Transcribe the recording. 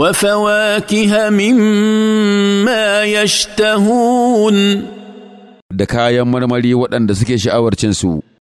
وفواكه مما يشتهون da kayan marmari waɗanda suke sha'awar cinsu.